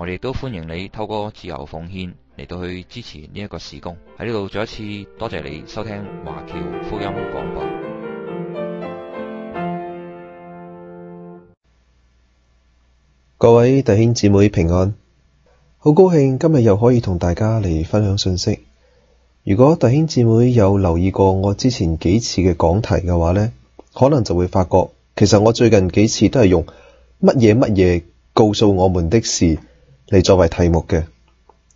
我哋都歡迎你透過自由奉獻嚟到去支持呢一個事工喺呢度。再一次多謝你收聽華僑福音廣播。各位弟兄姊妹平安，好高興今日又可以同大家嚟分享信息。如果弟兄姊妹有留意過我之前幾次嘅講題嘅話呢，可能就會發覺其實我最近幾次都係用乜嘢乜嘢告訴我們的事。嚟作為題目嘅。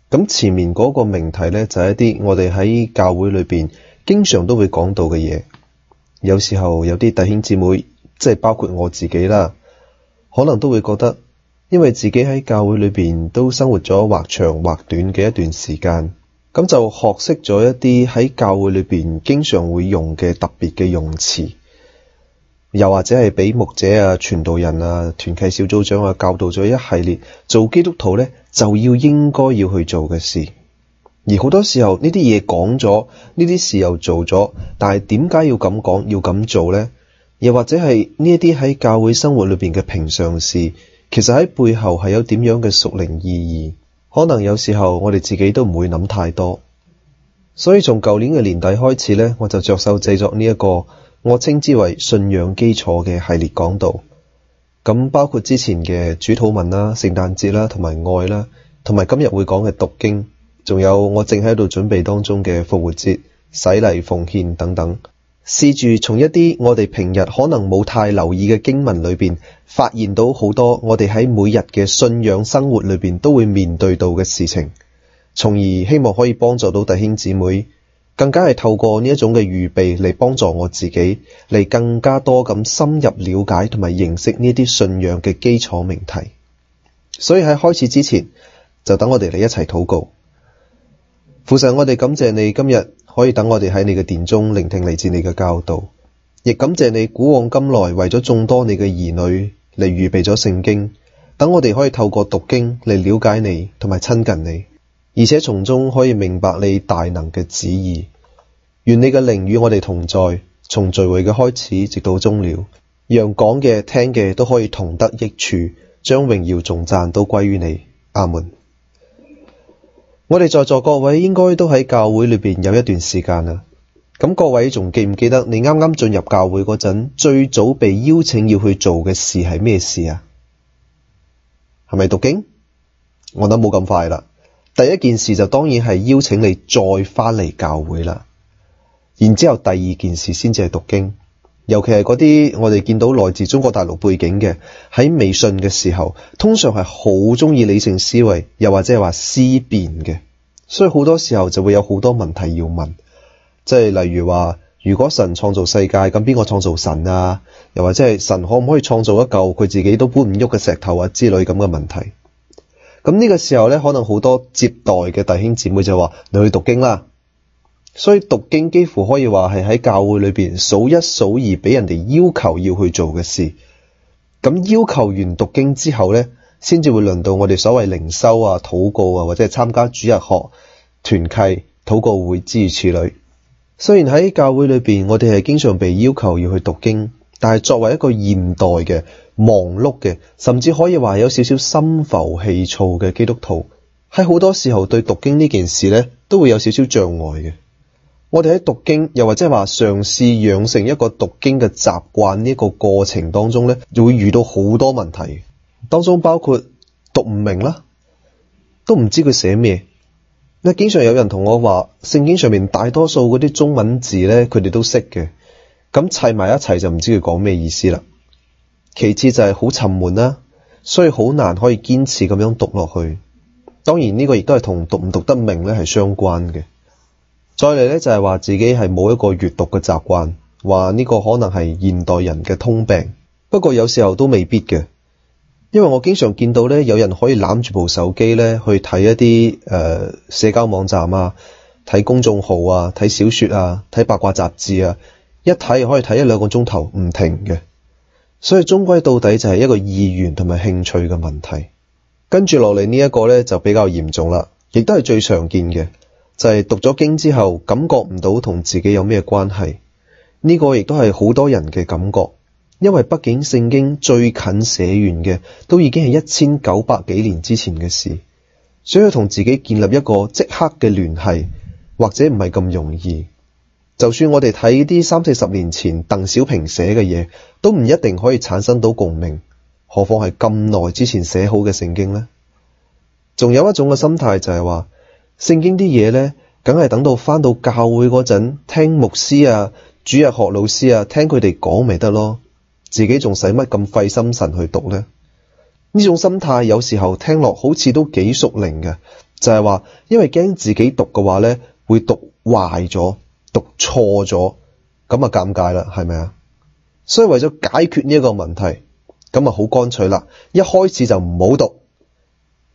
咁前面嗰個命題呢，就係一啲我哋喺教會裏邊經常都會講到嘅嘢。有時候有啲弟兄姊妹，即係包括我自己啦，可能都會覺得，因為自己喺教會裏邊都生活咗或長或短嘅一段時間，咁就學識咗一啲喺教會裏邊經常會用嘅特別嘅用詞。又或者係俾牧者啊、傳道人啊、團契小組長啊教導咗一系列做基督徒呢，就要應該要去做嘅事，而好多時候呢啲嘢講咗，呢啲事又做咗，但係點解要咁講要咁做呢？又或者係呢一啲喺教會生活裏邊嘅平常事，其實喺背後係有點樣嘅屬靈意義。可能有時候我哋自己都唔會諗太多，所以從舊年嘅年底開始呢，我就着手製作呢一個。我稱之為信仰基礎嘅系列講道，咁包括之前嘅主禱文啦、聖誕節啦、同埋愛啦，同埋今日會講嘅讀經，仲有我正喺度準備當中嘅復活節、洗禮、奉獻等等，試住從一啲我哋平日可能冇太留意嘅經文裏邊，發現到好多我哋喺每日嘅信仰生活裏邊都會面對到嘅事情，從而希望可以幫助到弟兄姊妹。更加係透過呢一種嘅預備嚟幫助我自己，嚟更加多咁深入了解同埋認識呢啲信仰嘅基礎命題。所以喺開始之前，就等我哋嚟一齊禱告。父神，我哋感謝你今日可以等我哋喺你嘅殿中聆聽嚟自你嘅教導，亦感謝你古往今來為咗眾多你嘅兒女嚟預備咗聖經，等我哋可以透過讀經嚟了解你同埋親近你。而且從中可以明白你大能嘅旨意，願你嘅靈與我哋同在，從聚會嘅開始直到終了，讓講嘅聽嘅都可以同得益處，將榮耀頌讚都歸於你。阿門。我哋在座各位應該都喺教會裏邊有一段時間啦。咁各位仲記唔記得你啱啱進入教會嗰陣最早被邀請要去做嘅事係咩事啊？係咪讀經？我諗冇咁快啦。第一件事就當然係邀請你再返嚟教會啦，然之後第二件事先至係讀經，尤其係嗰啲我哋見到來自中國大陸背景嘅喺未信嘅時候，通常係好中意理性思維，又或者係話思辨嘅，所以好多時候就會有好多問題要問，即係例如話，如果神創造世界，咁邊個創造神啊？又或者係神可唔可以創造一嚿佢自己都搬唔喐嘅石頭啊？之類咁嘅問題。咁呢個時候咧，可能好多接待嘅弟兄姊妹就話：你去讀經啦。所以讀經幾乎可以話係喺教會裏邊數一數二，俾人哋要求要去做嘅事。咁要求完讀經之後咧，先至會輪到我哋所謂靈修啊、禱告啊，或者係參加主日學團契、禱告會諸如此類。雖然喺教會裏邊，我哋係經常被要求要去讀經，但係作為一個現代嘅，忙碌嘅，甚至可以話有少少心浮氣躁嘅基督徒，喺好多時候對讀經呢件事咧，都會有少少障礙嘅。我哋喺讀經，又或者話嘗試養成一個讀經嘅習慣呢個過程當中咧，就會遇到好多問題，當中包括讀唔明啦，都唔知佢寫咩。那經常有人同我話，聖經上面大多數嗰啲中文字咧，佢哋都識嘅，咁砌埋一齊就唔知佢講咩意思啦。其次就係好沉悶啦，所以好難可以堅持咁樣讀落去。當然呢個亦都係同讀唔讀得明咧係相關嘅。再嚟咧就係、是、話自己係冇一個閱讀嘅習慣，話呢個可能係現代人嘅通病。不過有時候都未必嘅，因為我經常見到咧有人可以攬住部手機咧去睇一啲誒、呃、社交網站啊，睇公眾號啊，睇小說啊，睇八卦雜誌啊，一睇可以睇一兩個鐘頭唔停嘅。所以終歸到底就係一個意願同埋興趣嘅問題，跟住落嚟呢一個咧就比較嚴重啦，亦都係最常見嘅，就係、是、讀咗經之後感覺唔到同自己有咩關係，呢、這個亦都係好多人嘅感覺，因為畢竟聖經最近寫完嘅都已經係一千九百幾年之前嘅事，想要同自己建立一個即刻嘅聯繫或者唔係咁容易。就算我哋睇啲三四十年前鄧小平寫嘅嘢，都唔一定可以產生到共鳴，何況係咁耐之前寫好嘅聖經咧？仲有一種嘅心態就係話，聖經啲嘢咧，梗係等到翻到教會嗰陣聽牧師啊、主日學老師啊聽佢哋講，咪得咯，自己仲使乜咁費心神去讀咧？呢種心態有時候聽落好似都幾熟靈嘅，就係話，因為驚自己讀嘅話咧會讀壞咗。讀錯咗咁啊，尷尬啦，係咪啊？所以為咗解決呢一個問題，咁啊，好乾脆啦，一開始就唔好讀，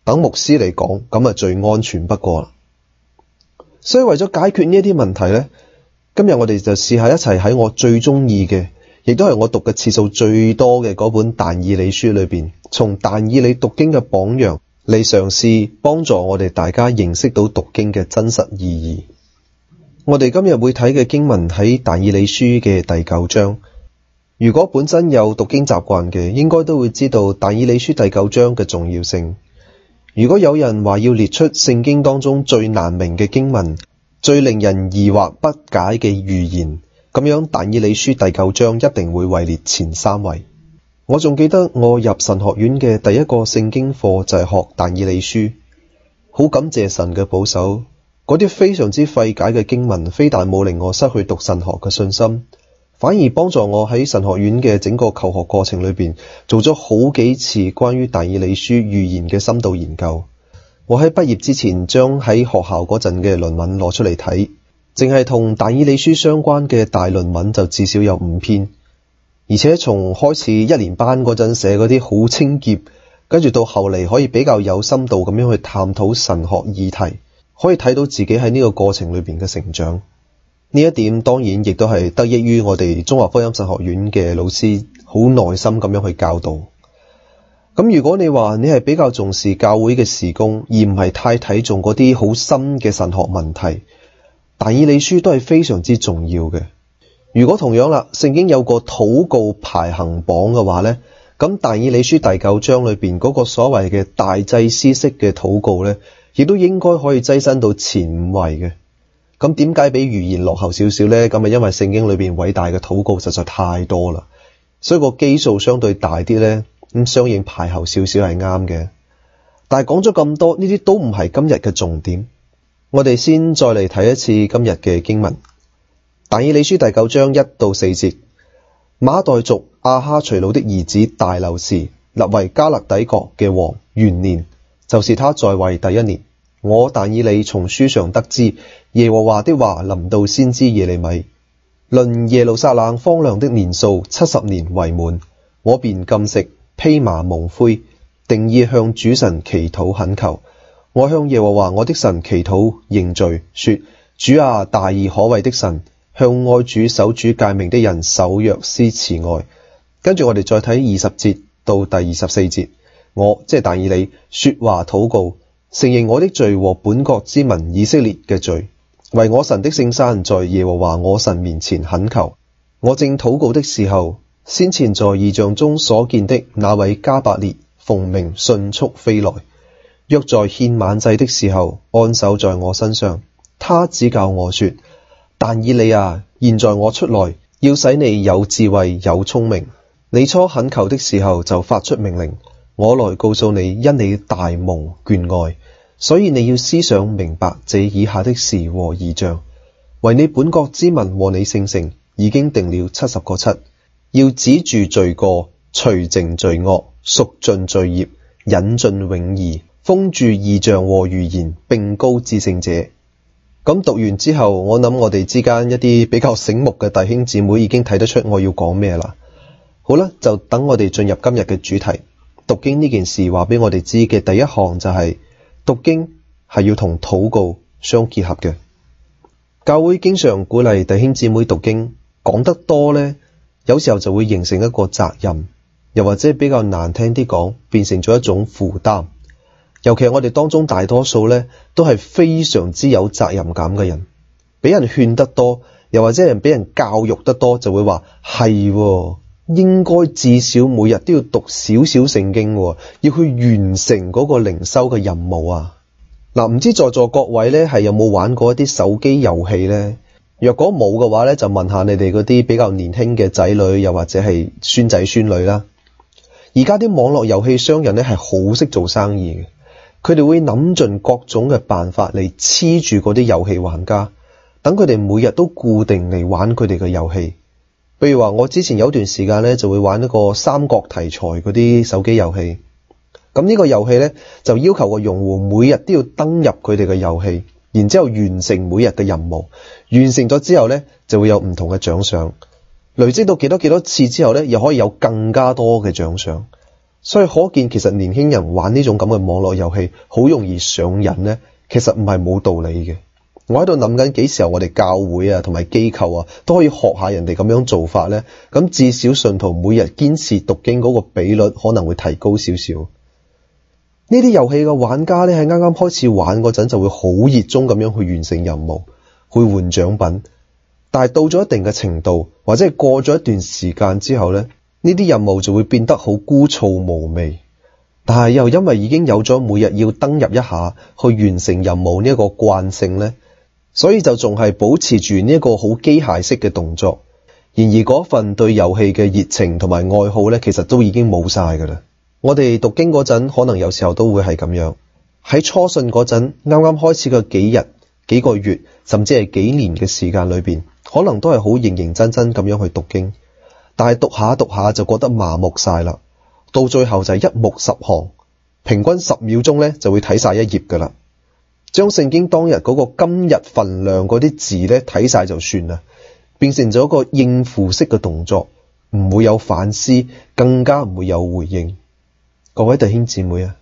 等牧師嚟講，咁啊，最安全不過啦。所以為咗解決呢啲問題呢，今日我哋就試下一齊喺我最中意嘅，亦都係我讀嘅次數最多嘅嗰本《但以理書》裏邊，從但以理讀經嘅榜樣嚟嘗試幫助我哋大家認識到讀經嘅真實意義。我哋今日會睇嘅經文喺《但以理書》嘅第九章。如果本身有讀經習慣嘅，應該都會知道《但以理書》第九章嘅重要性。如果有人話要列出聖經當中最難明嘅經文、最令人疑惑不解嘅預言，咁樣《但以理書》第九章一定會位列前三位。我仲記得我入神學院嘅第一個聖經課就係學《但以理書》，好感謝神嘅保守。嗰啲非常之費解嘅經文，非但冇令我失去讀神學嘅信心，反而幫助我喺神學院嘅整個求學過程裏邊，做咗好幾次關於但以理書預言嘅深度研究。我喺畢業之前，將喺學校嗰陣嘅論文攞出嚟睇，淨係同但以理書相關嘅大論文就至少有五篇，而且從開始一年班嗰陣寫嗰啲好清潔，跟住到後嚟可以比較有深度咁樣去探討神學議題。可以睇到自己喺呢個過程裏邊嘅成長，呢一點當然亦都係得益於我哋中華福音神學院嘅老師好耐心咁樣去教導。咁如果你話你係比較重視教會嘅事工，而唔係太睇重嗰啲好深嘅神學問題，但以理書都係非常之重要嘅。如果同樣啦，聖經有個禱告排行榜嘅話呢，咁但以理書第九章裏邊嗰個所謂嘅大祭司式嘅禱告呢，亦都應該可以躋身到前五位嘅，咁點解比預言落後少少呢？咁啊，因為聖經裏邊偉大嘅禱告實在太多啦，所以個基數相對大啲呢。咁相應排後少少係啱嘅。但係講咗咁多，呢啲都唔係今日嘅重點。我哋先再嚟睇一次今日嘅經文，《但以理書》第九章一到四節。瑪代族亞哈隨魯的兒子大流士立為迦勒底國嘅王，元年就是他在位第一年。我但以理從書上得知，耶和華的話臨到先知耶利米，論耶路撒冷荒涼的年數，七十年為滿，我便禁食披麻蒙灰，定意向主神祈禱懇求。我向耶和華我的神祈禱認罪，說：主啊，大而可畏的神，向愛主守主誡命的人守約施慈愛。跟住我哋再睇二十節到第二十四節，我即係但以理說話禱告。承認我的罪和本國之民以色列嘅罪，為我神的聖山，在耶和華我神面前懇求。我正禱告的時候，先前在異象中所見的那位加百列，奉命迅速飛來，約在獻晚祭的時候，按手在我身上。他指教我說：但以理啊，現在我出來，要使你有智慧有聰明。你初懇求的時候，就發出命令。我來告訴你，因你大蒙眷愛，所以你要思想明白這以下的事和異象，為你本國之民和你聖城已經定了七十個七，要止住罪過，除淨罪惡，贖盡罪孽，引進永義，封住異象和預言，並高至聖者。咁讀完之後，我諗我哋之間一啲比較醒目嘅弟兄姊妹已經睇得出我要講咩啦。好啦，就等我哋進入今日嘅主題。讀經呢件事話俾我哋知嘅第一項就係、是、讀經係要同禱告相結合嘅。教會經常鼓勵弟兄姊妹讀經，講得多呢，有時候就會形成一個責任，又或者比較難聽啲講，變成咗一種負擔。尤其係我哋當中大多數呢，都係非常之有責任感嘅人，俾人勸得多，又或者人俾人教育得多，就會話係喎。應該至少每日都要讀少少聖經，要去完成嗰個靈修嘅任務啊！嗱，唔知在座各位呢係有冇玩過一啲手機遊戲呢？若果冇嘅話呢，就問下你哋嗰啲比較年輕嘅仔女，又或者係孫仔孫女啦。而家啲網絡遊戲商人呢，係好識做生意嘅，佢哋會諗盡各種嘅辦法嚟黐住嗰啲遊戲玩家，等佢哋每日都固定嚟玩佢哋嘅遊戲。比如話，我之前有段時間咧，就會玩一個三國題材嗰啲手機遊戲。咁呢個遊戲咧，就要求個用戶每日都要登入佢哋嘅遊戲，然之後完成每日嘅任務。完成咗之後咧，就會有唔同嘅獎賞。累積到幾多幾多次之後咧，又可以有更加多嘅獎賞。所以可見，其實年輕人玩呢種咁嘅網絡遊戲，好容易上癮咧，其實唔係冇道理嘅。我喺度諗緊幾時候我哋教會啊同埋機構啊都可以學下人哋咁樣做法咧，咁至少信徒每日堅持讀經嗰個比率可能會提高少少。呢啲遊戲嘅玩家咧，係啱啱開始玩嗰陣就會好熱衷咁樣去完成任務，去換獎品。但係到咗一定嘅程度，或者係過咗一段時間之後咧，呢啲任務就會變得好枯燥無味。但係又因為已經有咗每日要登入一下去完成任務呢一個慣性咧。所以就仲係保持住呢一個好機械式嘅動作，然而嗰份對遊戲嘅熱情同埋愛好咧，其實都已經冇晒嘅啦。我哋讀經嗰陣，可能有時候都會係咁樣。喺初信嗰陣，啱啱開始嘅幾日、幾個月，甚至係幾年嘅時間裏邊，可能都係好認認真真咁樣去讀經，但係讀下讀下就覺得麻木晒啦。到最後就係一目十行，平均十秒鐘咧就會睇晒一頁噶啦。將聖經當日嗰個今日份量嗰啲字咧睇晒就算啦，變成咗一個應付式嘅動作，唔會有反思，更加唔會有回應。各位弟兄姊妹啊，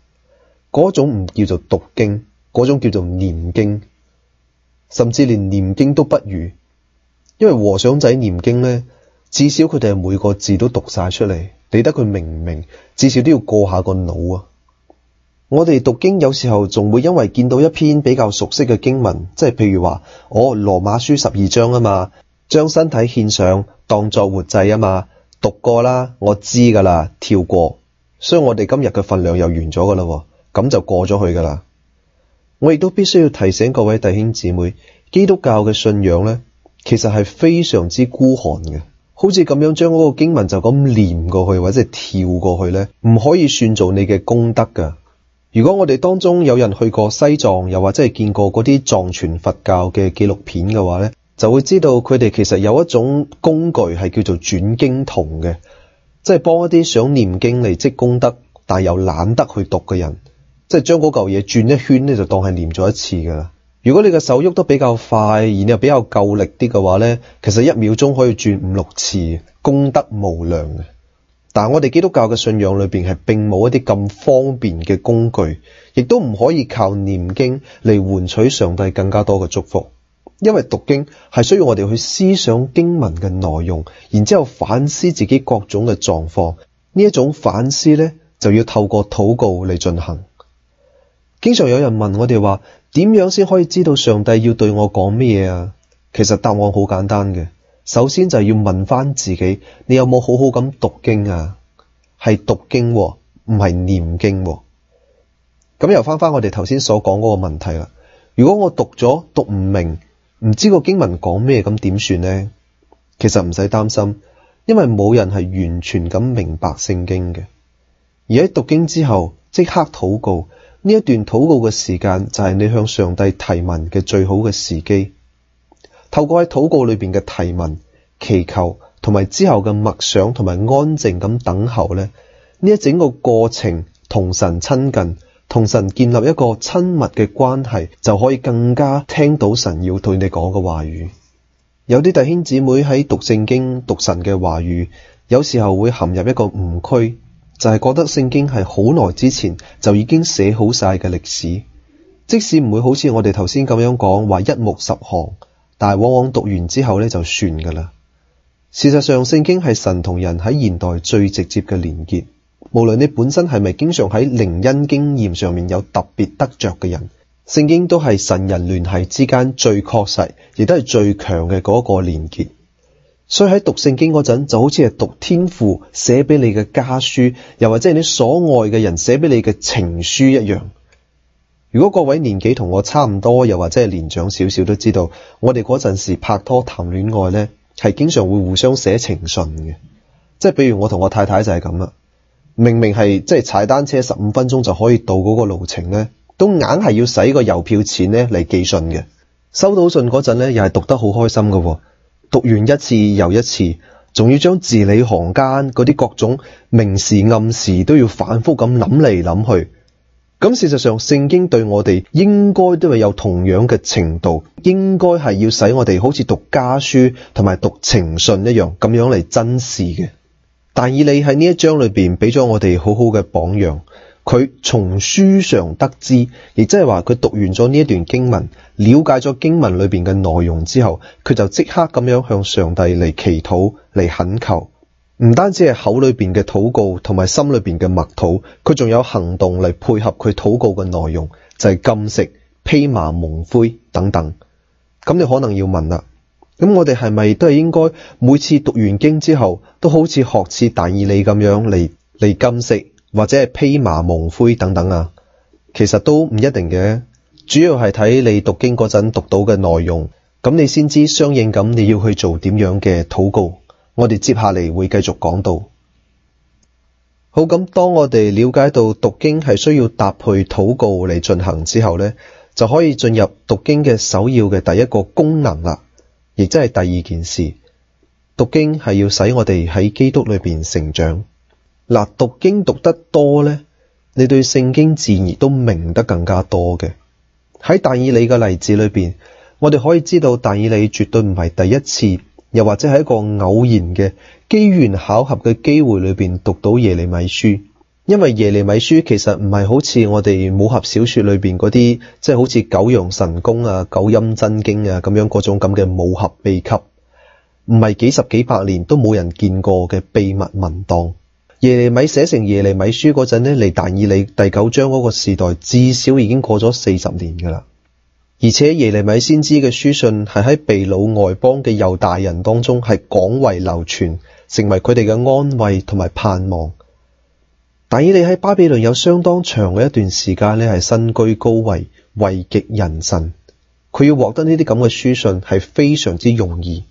嗰種唔叫做讀經，嗰種叫做念經，甚至連念經都不如，因為和尚仔念經咧，至少佢哋係每個字都讀晒出嚟，理得佢明唔明，至少都要過下個腦啊。我哋讀經有時候仲會因為見到一篇比較熟悉嘅經文，即係譬如話我羅馬書十二章啊嘛，將身體獻上當作活祭啊嘛，讀過啦，我知噶啦，跳過，所以我哋今日嘅分量又完咗噶啦，咁就過咗去噶啦。我亦都必須要提醒各位弟兄姊妹，基督教嘅信仰咧，其實係非常之孤寒嘅，好似咁樣將嗰個經文就咁念過去或者係跳過去咧，唔可以算做你嘅功德噶。如果我哋當中有人去過西藏，又或者係見過嗰啲藏傳佛教嘅紀錄片嘅話咧，就會知道佢哋其實有一種工具係叫做轉經筒嘅，即係幫一啲想念經嚟積功德，但又懶得去讀嘅人，即係將嗰嚿嘢轉一圈咧就當係念咗一次噶啦。如果你嘅手喐得比較快，然後比較夠力啲嘅話咧，其實一秒鐘可以轉五六次，功德無量啊！但我哋基督教嘅信仰裏邊係並冇一啲咁方便嘅工具，亦都唔可以靠念經嚟換取上帝更加多嘅祝福，因為讀經係需要我哋去思想經文嘅內容，然之後反思自己各種嘅狀況。呢一種反思咧就要透過禱告嚟進行。經常有人問我哋話點樣先可以知道上帝要對我講乜嘢啊？其實答案好簡單嘅。首先就係要問翻自己，你有冇好好咁讀經啊？係讀經啊，唔係念經啊。咁又翻翻我哋頭先所講嗰個問題啦。如果我讀咗讀唔明，唔知個經文講咩，咁點算咧？其實唔使擔心，因為冇人係完全咁明白聖經嘅。而喺讀經之後，即刻禱告，呢一段禱告嘅時間就係你向上帝提問嘅最好嘅時機。透過喺禱告裏邊嘅提問、祈求，同埋之後嘅默想，同埋安靜咁等候咧，呢一整個過程同神親近，同神建立一個親密嘅關係，就可以更加聽到神要對你講嘅話語。有啲弟兄姊妹喺讀聖經讀神嘅話語，有時候會陷入一個誤區，就係覺得聖經係好耐之前就已經寫好晒嘅歷史，即使唔會好似我哋頭先咁樣講話一目十行。但往往讀完之後咧就算噶啦。事實上，聖經係神同人喺現代最直接嘅連結。無論你本身係咪經常喺靈恩經驗上面有特別得着嘅人，聖經都係神人聯繫之間最確實，亦都係最強嘅嗰個連結。所以喺讀聖經嗰陣，就好似係讀天父寫俾你嘅家書，又或者係你所愛嘅人寫俾你嘅情書一樣。如果各位年紀同我差唔多，又或者係年長少少都知道，我哋嗰陣時拍拖談戀愛呢，係經常會互相寫情信嘅。即係比如我同我太太就係咁啦，明明係即係踩單車十五分鐘就可以到嗰個路程呢，都硬係要使個郵票錢呢嚟寄信嘅。收到信嗰陣呢，又係讀得好開心嘅喎，讀完一次又一次，仲要將字裡行間嗰啲各種明示暗示都要反覆咁諗嚟諗去。咁事實上，聖經對我哋應該都係有同樣嘅程度，應該係要使我哋好似讀家書同埋讀情信一樣咁樣嚟珍視嘅。但以理喺呢一章裏邊俾咗我哋好好嘅榜樣，佢從書上得知，亦即係話佢讀完咗呢一段經文，了解咗經文裏邊嘅內容之後，佢就即刻咁樣向上帝嚟祈禱嚟懇求。唔單止係口裏邊嘅禱告，同埋心裏邊嘅默禱，佢仲有行動嚟配合佢禱告嘅內容，就係禁食、披麻蒙灰等等。咁你可能要問啦，咁我哋係咪都係應該每次讀完經之後，都好似學似但以理咁樣嚟嚟禁食或者係披麻蒙灰等等啊？其實都唔一定嘅，主要係睇你讀經嗰陣讀到嘅內容，咁你先知相應咁你要去做點樣嘅禱告。我哋接下嚟會繼續講到好咁。當我哋了解到讀經係需要搭配禱告嚟進行之後咧，就可以進入讀經嘅首要嘅第一個功能啦，亦即係第二件事。讀經係要使我哋喺基督裏邊成長嗱。讀經讀得多咧，你對聖經自然都明得更加多嘅。喺但以理嘅例子裏邊，我哋可以知道但以理絕對唔係第一次。又或者喺一個偶然嘅機緣巧合嘅機會裏邊讀到耶利米書，因為耶利米書其實唔係好似我哋武俠小說裏邊嗰啲，即係好似九陽神功啊、九陰真經啊咁樣嗰種咁嘅武俠秘笈，唔係幾十幾百年都冇人見過嘅秘密文檔。耶利米寫成耶利米書嗰陣咧，離但以理第九章嗰個時代至少已經過咗四十年噶啦。而且耶利米先知嘅書信係喺被擄外邦嘅猶大人當中係廣為流傳，成為佢哋嘅安慰同埋盼望。但以理喺巴比倫有相當長嘅一段時間咧，係身居高位，位極人臣，佢要獲得呢啲咁嘅書信係非常之容易。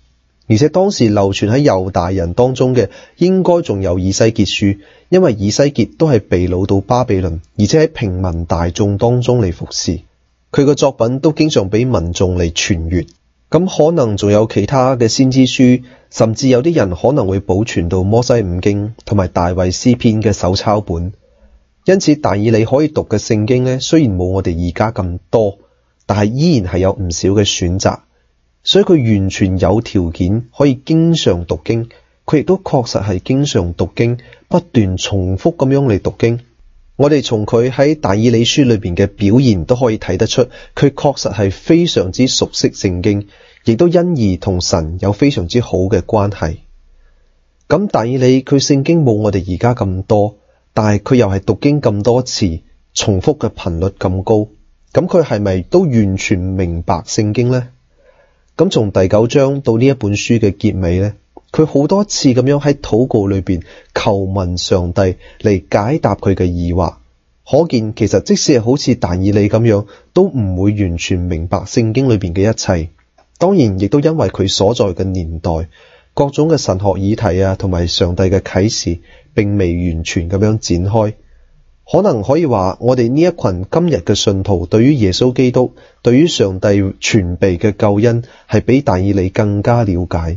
而且當時流傳喺猶大人當中嘅，應該仲有以西結書，因為以西結都係被擄到巴比倫，而且喺平民大眾當中嚟服侍。佢嘅作品都經常畀民眾嚟傳閱，咁可能仲有其他嘅先知書，甚至有啲人可能會保存到摩西五經同埋大衛詩篇嘅手抄本。因此，但以理可以讀嘅聖經呢，雖然冇我哋而家咁多，但係依然係有唔少嘅選擇。所以佢完全有條件可以經常讀經，佢亦都確實係經常讀經，不斷重複咁樣嚟讀經。我哋從佢喺但以理書裏邊嘅表現都可以睇得出，佢確實係非常之熟悉聖經，亦都因而同神有非常之好嘅關係。咁但以理佢聖經冇我哋而家咁多，但係佢又係讀經咁多次，重複嘅頻率咁高，咁佢係咪都完全明白聖經呢？咁從第九章到呢一本書嘅結尾呢，佢好多次咁樣喺禱告裏邊求問上帝嚟解答佢嘅疑惑，可見其實即使係好似但以理咁樣，都唔會完全明白聖經裏邊嘅一切。當然，亦都因為佢所在嘅年代，各種嘅神學議題啊，同埋上帝嘅啟示，並未完全咁樣展開。可能可以話，我哋呢一群今日嘅信徒，對於耶穌基督，對於上帝傳備嘅救恩，係比但以理更加了解。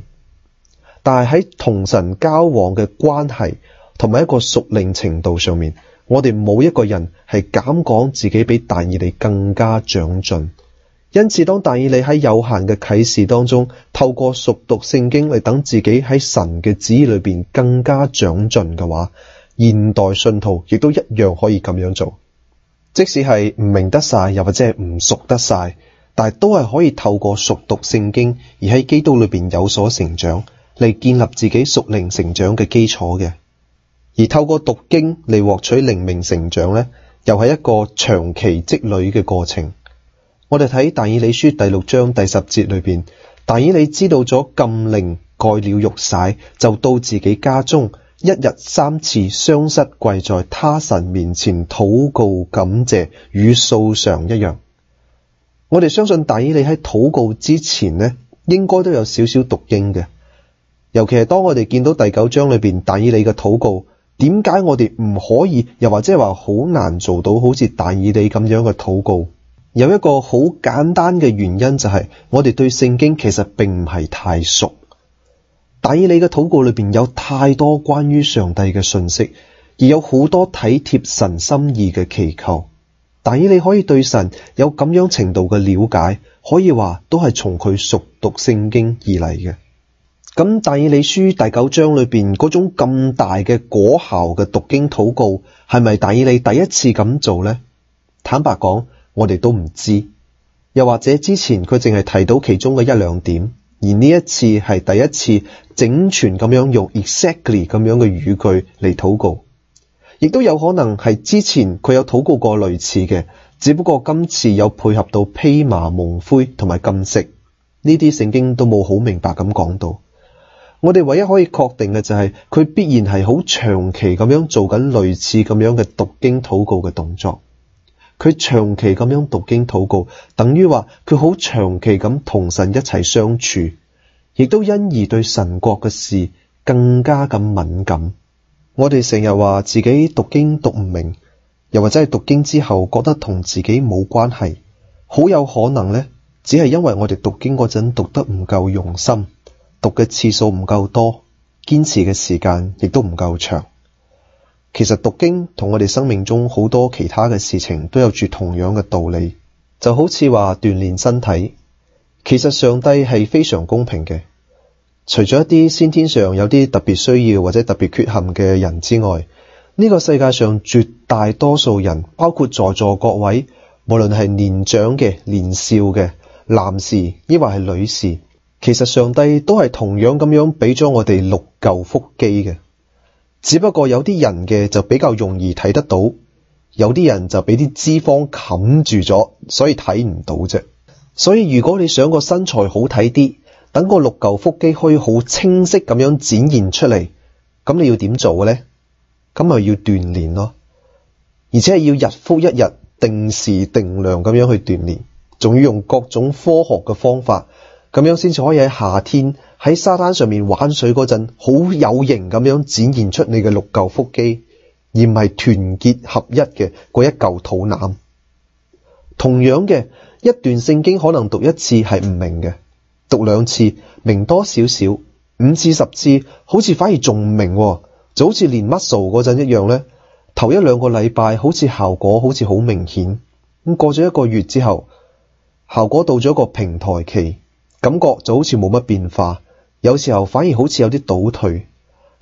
但係喺同神交往嘅關係同埋一個屬靈程度上面，我哋冇一個人係敢講自己比但以理更加長進。因此，當但以理喺有限嘅啟示當中透過熟讀聖經嚟等自己喺神嘅旨意裏邊更加長進嘅話，現代信徒亦都一樣可以咁樣做，即使係唔明得晒，又或者係唔熟得晒，但係都係可以透過熟讀聖經而喺基督裏邊有所成長。嚟建立自己屬靈成長嘅基礎嘅，而透過讀經嚟獲取靈命成長咧，又係一個長期積累嘅過程。我哋睇但以理書第六章第十節裏邊，但以理知道咗禁令蓋了玉璽，就到自己家中一日三次雙膝跪在他神面前禱告感謝，與素常一樣。我哋相信但以理喺禱告之前咧，應該都有少少讀經嘅。尤其係當我哋見到第九章裏邊但以理嘅禱告，點解我哋唔可以，又或者係話好難做到好似但以理咁樣嘅禱告？有一個好簡單嘅原因就係，我哋對聖經其實並唔係太熟。但以理嘅禱告裏邊有太多關於上帝嘅信息，而有好多體貼神心意嘅祈求。但以理可以對神有咁樣程度嘅了解，可以話都係從佢熟讀聖經而嚟嘅。咁但以理書第九章裏邊嗰種咁大嘅果效嘅讀經禱告，係咪但以理第一次咁做呢？坦白講，我哋都唔知。又或者之前佢淨係提到其中嘅一兩點，而呢一次係第一次整全咁樣用 exactly 咁樣嘅語句嚟禱告，亦都有可能係之前佢有禱告過類似嘅，只不過今次有配合到披麻蒙灰同埋禁食呢啲聖經都冇好明白咁講到。我哋唯一可以確定嘅就係佢必然係好長期咁樣做緊類似咁樣嘅讀經禱告嘅動作。佢長期咁樣讀經禱告，等於話佢好長期咁同神一齊相處，亦都因而對神國嘅事更加咁敏感。我哋成日話自己讀經讀唔明，又或者係讀經之後覺得同自己冇關係，好有可能咧，只係因為我哋讀經嗰陣讀得唔夠用心。讀嘅次數唔夠多，堅持嘅時間亦都唔夠長。其實讀經同我哋生命中好多其他嘅事情都有住同樣嘅道理，就好似話鍛煉身體。其實上帝係非常公平嘅，除咗一啲先天上有啲特別需要或者特別缺陷嘅人之外，呢個世界上絕大多數人，包括在座各位，無論係年長嘅、年少嘅、男士，抑或係女士。其實上帝都係同樣咁樣俾咗我哋六舊腹肌嘅，只不過有啲人嘅就比較容易睇得到，有啲人就俾啲脂肪冚住咗，所以睇唔到啫。所以如果你想個身材好睇啲，等個六舊腹肌可以好清晰咁樣展現出嚟，咁你要點做咧？咁咪要鍛煉咯，而且係要日復一日定時定量咁樣去鍛煉，仲要用各種科學嘅方法。咁樣先至可以喺夏天喺沙灘上面玩水嗰陣，好有型咁樣展現出你嘅六舊腹肌，而唔係團結合一嘅嗰一舊肚腩。同樣嘅一段聖經，可能讀一次係唔明嘅，讀兩次明多少少，五次十次，好似反而仲唔明喎，就好似練 muscle 嗰陣一樣咧。頭一兩個禮拜好似效果好似好明顯，咁過咗一個月之後，效果到咗一個平台期。感覺就好似冇乜變化，有時候反而好似有啲倒退。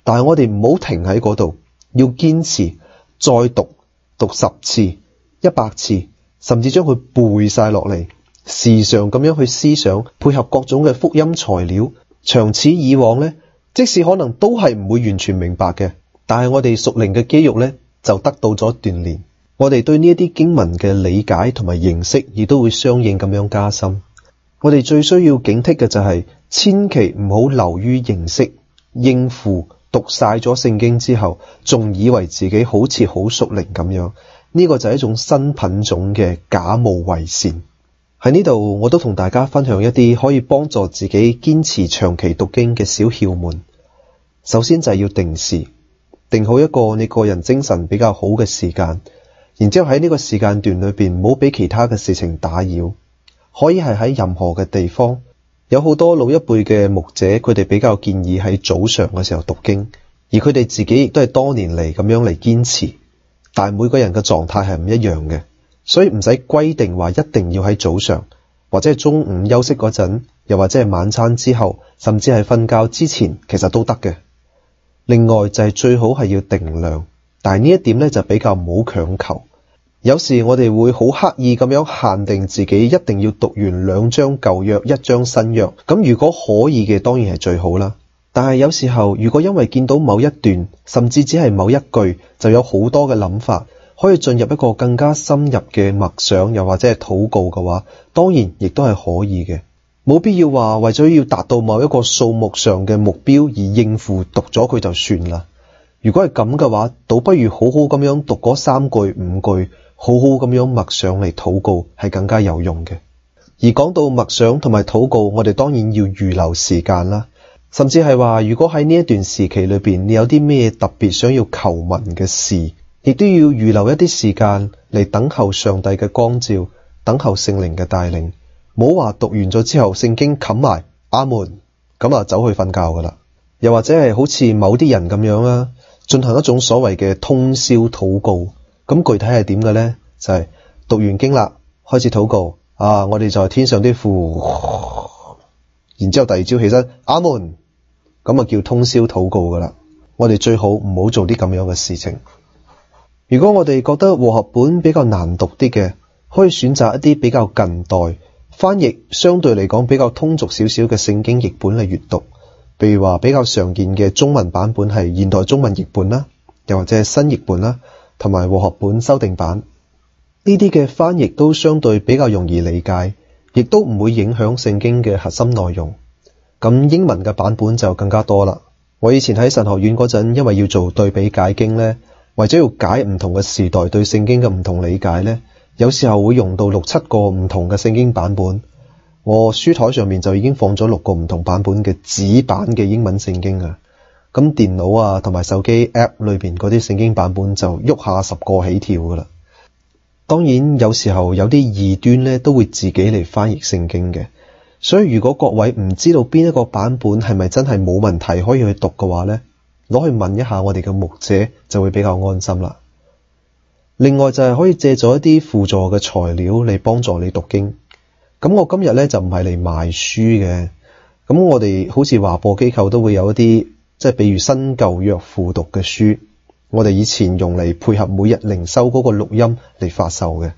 但係我哋唔好停喺嗰度，要堅持再讀，讀十次、一百次，甚至將佢背晒落嚟，時常咁樣去思想，配合各種嘅福音材料。長此以往呢，即使可能都係唔會完全明白嘅，但係我哋屬靈嘅肌肉呢，就得到咗鍛煉。我哋對呢啲經文嘅理解同埋認識，亦都會相應咁樣加深。我哋最需要警惕嘅就係，千祈唔好流於形式。應付讀晒咗聖經之後，仲以為自己好似好熟練咁樣。呢個就係一種新品種嘅假冒為善。喺呢度，我都同大家分享一啲可以幫助自己堅持長期讀經嘅小竅門。首先就係要定時，定好一個你個人精神比較好嘅時間，然之後喺呢個時間段裏邊，唔好俾其他嘅事情打擾。可以係喺任何嘅地方，有好多老一輩嘅牧者，佢哋比較建議喺早上嘅時候讀經，而佢哋自己亦都係多年嚟咁樣嚟堅持。但係每個人嘅狀態係唔一樣嘅，所以唔使規定話一定要喺早上，或者係中午休息嗰陣，又或者係晚餐之後，甚至係瞓覺之前，其實都得嘅。另外就係最好係要定量，但係呢一點咧就比較唔好強求。有時我哋會好刻意咁樣限定自己，一定要讀完兩章舊約，一章新約。咁如果可以嘅，當然係最好啦。但係有時候，如果因為見到某一段，甚至只係某一句，就有好多嘅諗法，可以進入一個更加深入嘅默想，又或者係禱告嘅話，當然亦都係可以嘅。冇必要話為咗要達到某一個數目上嘅目標而應付讀咗佢就算啦。如果係咁嘅話，倒不如好好咁樣讀嗰三句五句。好好咁樣默想嚟禱告係更加有用嘅。而講到默想同埋禱告，我哋當然要預留時間啦。甚至係話，如果喺呢一段時期裏邊，你有啲咩特別想要求問嘅事，亦都要預留一啲時間嚟等候上帝嘅光照，等候聖靈嘅帶領。唔好話讀完咗之後，聖經冚埋，阿門，咁啊走去瞓覺噶啦。又或者係好似某啲人咁樣啦，進行一種所謂嘅通宵禱告。咁具體係點嘅咧？就係、是、讀完經啦，開始禱告啊！我哋就係天上啲父，然之後第二朝起身阿門，咁啊叫通宵禱告噶啦。我哋最好唔好做啲咁樣嘅事情。如果我哋覺得和合本比較難讀啲嘅，可以選擇一啲比較近代翻譯，相對嚟講比較通俗少少嘅聖經譯本嚟閱讀，譬如話比較常見嘅中文版本係現代中文譯本啦，又或者係新譯本啦。同埋和合本修訂版，呢啲嘅翻譯都相對比較容易理解，亦都唔會影響聖經嘅核心內容。咁英文嘅版本就更加多啦。我以前喺神學院嗰陣，因為要做對比解經咧，為咗要解唔同嘅時代對聖經嘅唔同理解咧，有時候會用到六七個唔同嘅聖經版本。我書台上面就已經放咗六個唔同版本嘅紙版嘅英文聖經啊。咁電腦啊，同埋手機 App 裏邊嗰啲聖經版本就喐下十個起跳噶啦。當然，有時候有啲異端咧都會自己嚟翻譯聖經嘅，所以如果各位唔知道邊一個版本係咪真係冇問題可以去讀嘅話咧，攞去問一下我哋嘅牧者就會比較安心啦。另外就係可以借助一啲輔助嘅材料嚟幫助你讀經。咁我今日咧就唔係嚟賣書嘅，咁我哋好似華播機構都會有一啲。即係比如新舊約輔讀嘅書，我哋以前用嚟配合每日靈修嗰個錄音嚟發售嘅。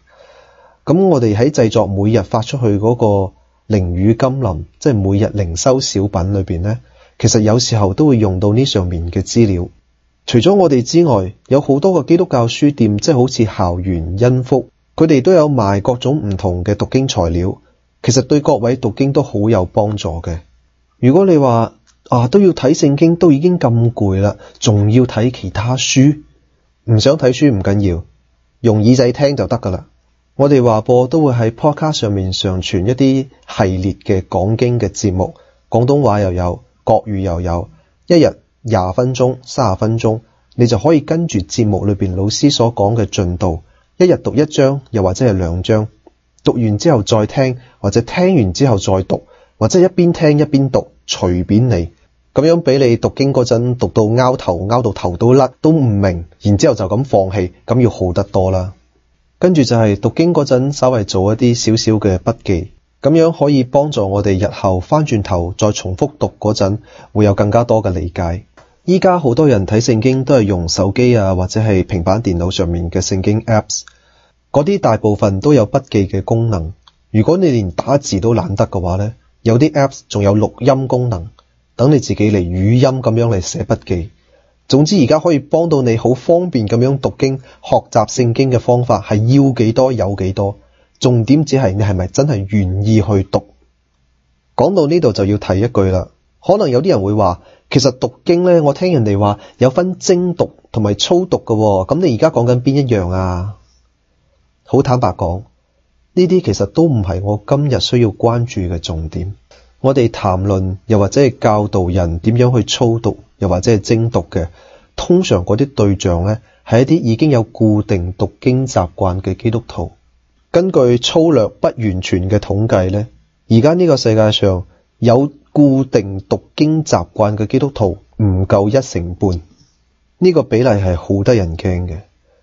咁我哋喺製作每日發出去嗰個靈雨甘霖，即係每日靈修小品裏邊呢，其實有時候都會用到呢上面嘅資料。除咗我哋之外，有好多嘅基督教書店，即係好似校園恩福，佢哋都有賣各種唔同嘅讀經材料，其實對各位讀經都好有幫助嘅。如果你話，啊！都要睇聖經，都已經咁攰啦，仲要睇其他書，唔想睇書唔緊要，用耳仔聽就得噶啦。我哋話播都會喺 Podcast 上面上傳一啲系列嘅講經嘅節目，廣東話又有，國語又有，一日廿分鐘、三十分鐘，你就可以跟住節目裏邊老師所講嘅進度，一日讀一章又或者係兩章，讀完之後再聽，或者聽完之後再讀，或者一邊聽一邊讀，隨便你。咁樣俾你讀經嗰陣，讀到拗頭拗到頭都甩都唔明，然之後就咁放棄，咁要好得多啦。跟住就係、是、讀經嗰陣，稍微做一啲少少嘅筆記，咁樣可以幫助我哋日後返轉頭再重複讀嗰陣會有更加多嘅理解。依家好多人睇聖經都係用手機啊，或者係平板電腦上面嘅聖經 apps，嗰啲大部分都有筆記嘅功能。如果你連打字都懶得嘅話，呢有啲 apps 仲有錄音功能。等你自己嚟語音咁樣嚟寫筆記，總之而家可以幫到你好方便咁樣讀經。學習聖經嘅方法係要幾多有幾多，重點只係你係咪真係願意去讀？講到呢度就要提一句啦，可能有啲人會話，其實讀經呢，我聽人哋話有分精讀同埋粗讀㗎喎，咁你而家講緊邊一樣啊？好坦白講，呢啲其實都唔係我今日需要關注嘅重點。我哋談論又或者係教導人點樣去粗讀，又或者係精讀嘅。通常嗰啲對象呢，係一啲已經有固定讀經習慣嘅基督徒。根據粗略不完全嘅統計呢，而家呢個世界上有固定讀經習慣嘅基督徒唔夠一成半。呢個比例係好得人驚嘅，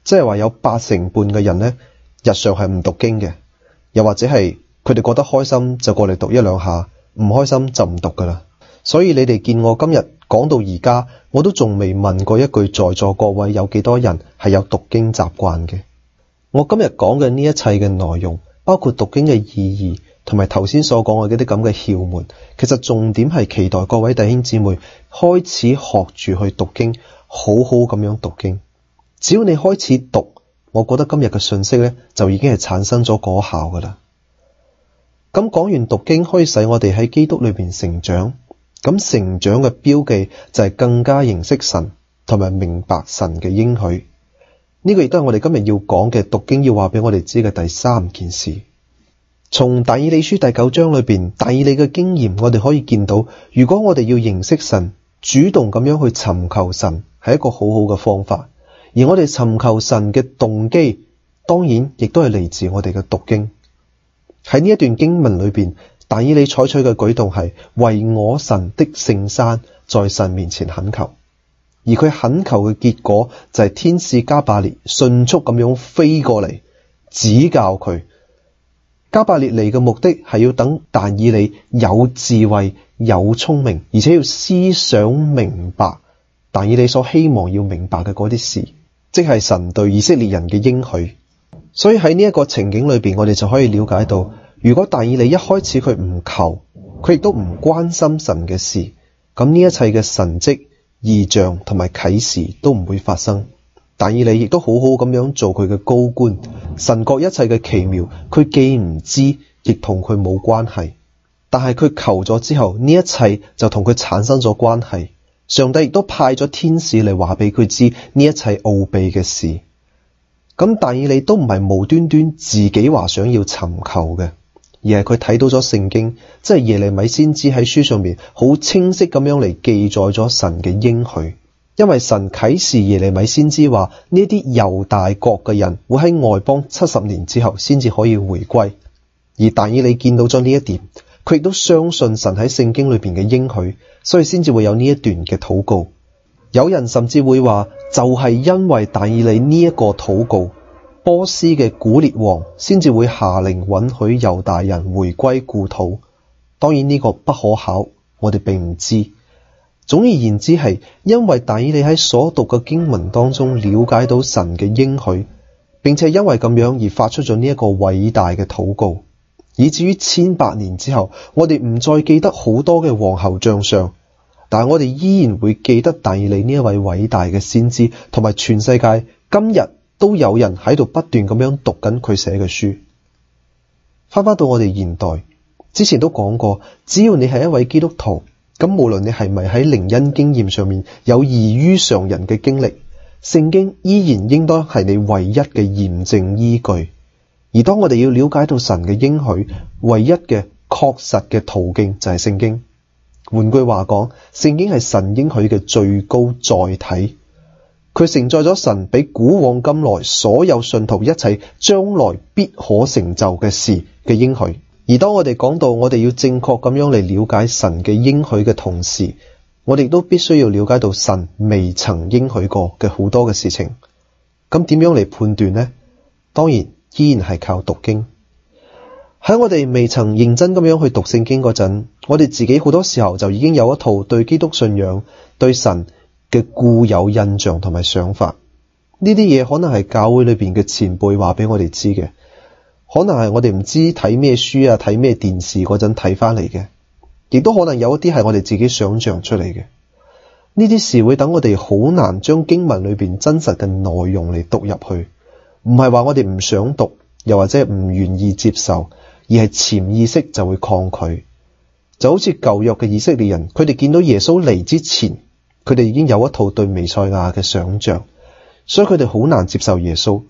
即係話有八成半嘅人呢，日常係唔讀經嘅，又或者係佢哋覺得開心就過嚟讀一兩下。唔開心就唔讀噶啦，所以你哋見我今日講到而家，我都仲未問過一句，在座各位有幾多人係有讀經習慣嘅？我今日講嘅呢一切嘅內容，包括讀經嘅意義，同埋頭先所講嘅嗰啲咁嘅竅門，其實重點係期待各位弟兄姊妹開始學住去讀經，好好咁樣讀經。只要你開始讀，我覺得今日嘅信息咧就已經係產生咗果效噶啦。咁講完讀經可以使我哋喺基督裏邊成長，咁成長嘅標記就係更加認識神同埋明白神嘅應許。呢個亦都係我哋今日要講嘅讀經要話俾我哋知嘅第三件事。從但以理書第九章裏邊，但以理嘅經驗，我哋可以見到，如果我哋要認識神，主動咁樣去尋求神，係一個好好嘅方法。而我哋尋求神嘅動機，當然亦都係嚟自我哋嘅讀經。喺呢一段經文裏邊，但以理採取嘅舉動係為我神的聖山，在神面前懇求，而佢懇求嘅結果就係天使加百列迅速咁樣飛過嚟，指教佢。加百列嚟嘅目的係要等但以理有智慧、有聰明，而且要思想明白但以理所希望要明白嘅嗰啲事，即係神對以色列人嘅應許。所以喺呢一個情景裏邊，我哋就可以了解到，如果但以理一開始佢唔求，佢亦都唔關心神嘅事，咁呢一切嘅神蹟、異象同埋啟示都唔會發生。但以理亦都好好咁樣做佢嘅高官，神國一切嘅奇妙，佢既唔知，亦同佢冇關係。但係佢求咗之後，呢一切就同佢產生咗關係，上帝亦都派咗天使嚟話俾佢知呢一切奧秘嘅事。咁但以理都唔係無端端自己話想要尋求嘅，而係佢睇到咗聖經，即係耶利米先知喺書上面好清晰咁樣嚟記載咗神嘅應許。因為神啟示耶利米先知話呢啲猶大國嘅人會喺外邦七十年之後先至可以回歸，而但以理見到咗呢一點，佢亦都相信神喺聖經裏邊嘅應許，所以先至會有呢一段嘅禱告。有人甚至會話，就係、是、因為但以理呢一個禱告，波斯嘅古列王先至會下令允許猶大人回歸故土。當然呢個不可考，我哋並唔知。總而言之，係因為但以理喺所讀嘅經文當中了解到神嘅應許，並且因為咁樣而發出咗呢一個偉大嘅禱告，以至於千百年之後，我哋唔再記得好多嘅王侯將相。但我哋依然會記得但以理呢一位偉大嘅先知，同埋全世界今日都有人喺度不斷咁樣讀緊佢寫嘅書。翻返到我哋現代，之前都講過，只要你係一位基督徒，咁無論你係咪喺靈恩經驗上面有異於常人嘅經歷，聖經依然應當係你唯一嘅驗證依據。而當我哋要了解到神嘅應許，唯一嘅確實嘅途徑就係聖經。換句話講，聖經係神應許嘅最高載體，佢承載咗神俾古往今來所有信徒一切將來必可成就嘅事嘅應許。而當我哋講到我哋要正確咁樣嚟了解神嘅應許嘅同時，我哋都必須要了解到神未曾應許過嘅好多嘅事情。咁點樣嚟判斷呢？當然依然係靠讀經。喺我哋未曾認真咁樣去讀聖經嗰陣，我哋自己好多時候就已經有一套對基督信仰、對神嘅固有印象同埋想法。呢啲嘢可能係教會裏邊嘅前輩話俾我哋知嘅，可能係我哋唔知睇咩書啊、睇咩電視嗰陣睇翻嚟嘅，亦都可能有一啲係我哋自己想象出嚟嘅。呢啲事會等我哋好難將經文裏邊真實嘅內容嚟讀入去，唔係話我哋唔想讀，又或者唔願意接受。而係潛意識就會抗拒，就好似舊約嘅以色列人，佢哋見到耶穌嚟之前，佢哋已經有一套對彌賽亞嘅想象，所以佢哋好難接受耶穌，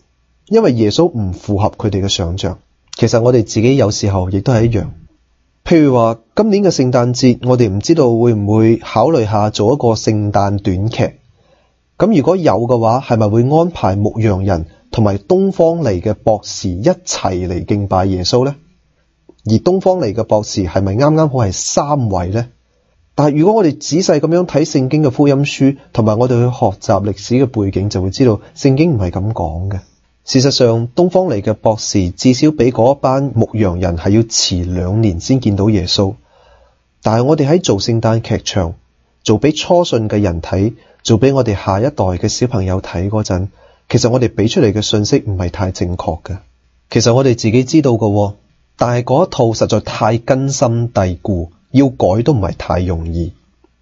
因為耶穌唔符合佢哋嘅想象。其實我哋自己有時候亦都係一樣，譬如話今年嘅聖誕節，我哋唔知道會唔會考慮下做一個聖誕短劇。咁如果有嘅話，係咪會安排牧羊人同埋東方嚟嘅博士一齊嚟敬拜耶穌呢？而東方嚟嘅博士係咪啱啱好係三位呢？但係如果我哋仔細咁樣睇聖經嘅福音書，同埋我哋去學習歷史嘅背景，就會知道聖經唔係咁講嘅。事實上，東方嚟嘅博士至少比嗰一班牧羊人係要遲兩年先見到耶穌。但係我哋喺做聖誕劇場，做俾初信嘅人睇，做俾我哋下一代嘅小朋友睇嗰陣，其實我哋俾出嚟嘅信息唔係太正確嘅。其實我哋自己知道嘅，哦。但係嗰一套實在太根深蒂固，要改都唔係太容易。